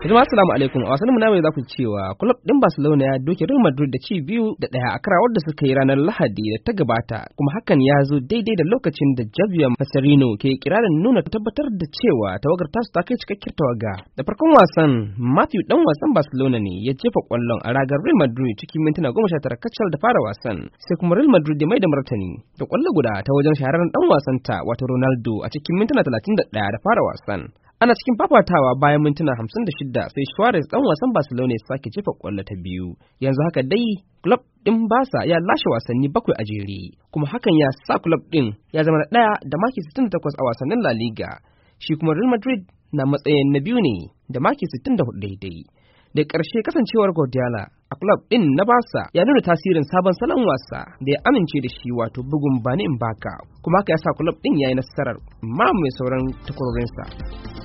Jama'a assalamu alaikum a wasanmu namu za ku cewa kulob din Barcelona ya doke Real Madrid da ci biyu da daya a karawar da suka yi ranar Lahadi da ta gabata kuma hakan ya zo daidai da lokacin da Javier Mascherino ke kirarin nuna tabbatar da cewa tawagar tasu ta kai cikakkiyar tawaga. Da farkon wasan Matthew dan wasan Barcelona ne ya jefa kwallon a ragar Real Madrid cikin mintuna goma sha tara kacal da fara wasan sai kuma Real Madrid da mai da martani da kwallo guda ta wajen shahararren dan wasan ta wato Ronaldo a cikin mintuna talatin da daya da fara wasan. Ana cikin fafatawa bayan mintuna hamsin da shida sai Suarez dan wasan Barcelona ya sake jefa kwallo ta biyu. Yanzu haka dai club din basa ya lashe wasanni bakwai a jere, kuma hakan ya sa club din ya zama na ɗaya da maki 68 a wasannin La Liga. Shi kuma Real Madrid na matsayin na biyu ne da maki hudu daidai. Da ƙarshe kasancewar Guardiola a club din na basa ya nuna tasirin sabon salon wasa da ya amince da shi wato bugun bani in baka kuma haka ya sa club din yayi nasarar mamaye sauran takwarorinsa.